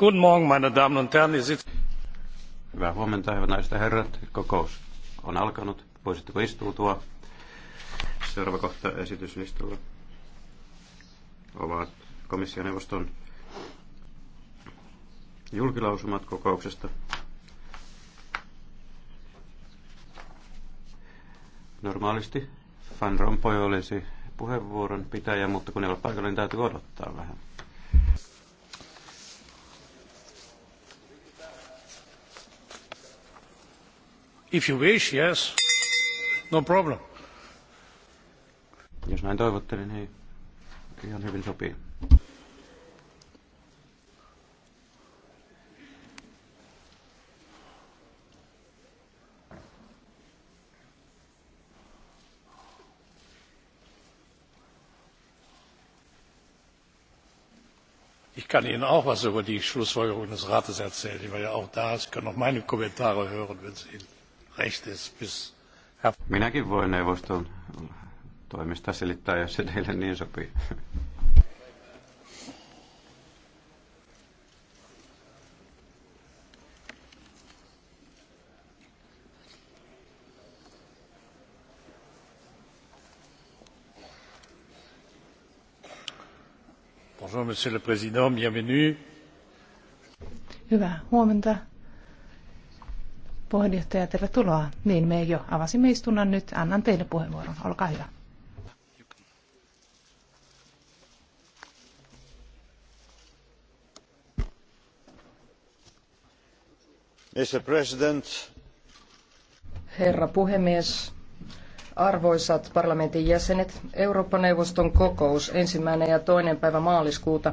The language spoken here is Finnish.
Guten Morgen, meine Damen und Herren. Hyvää huomenta, hyvät naiset ja herrat. Kokous on alkanut. Voisitteko istuutua? Seuraava kohta esityslistalla ovat komissioneuvoston julkilausumat kokouksesta. Normaalisti Van Rompuy olisi puheenvuoron pitäjä, mutta kun ei ole paikalla, niin täytyy odottaa vähän. No Jos näin toivotte, niin hei, ihan hyvin sopii. Ich kann Ihnen auch was über die Schlussfolgerung des Rates erzählen. Ich war ja auch da. Sie können auch meine Kommentare hören, wenn Sie. Minäkin voin neuvoston toimista selittää, jos se teille niin sopii. Bonjour, Monsieur le Président, bienvenue. Hyvää huomenta, Puheenjohtaja, tervetuloa. Niin, me jo avasimme istunnan nyt. Annan teille puheenvuoron. Olkaa hyvä. Mr. President. Herra puhemies, arvoisat parlamentin jäsenet, Eurooppa-neuvoston kokous ensimmäinen ja toinen päivä maaliskuuta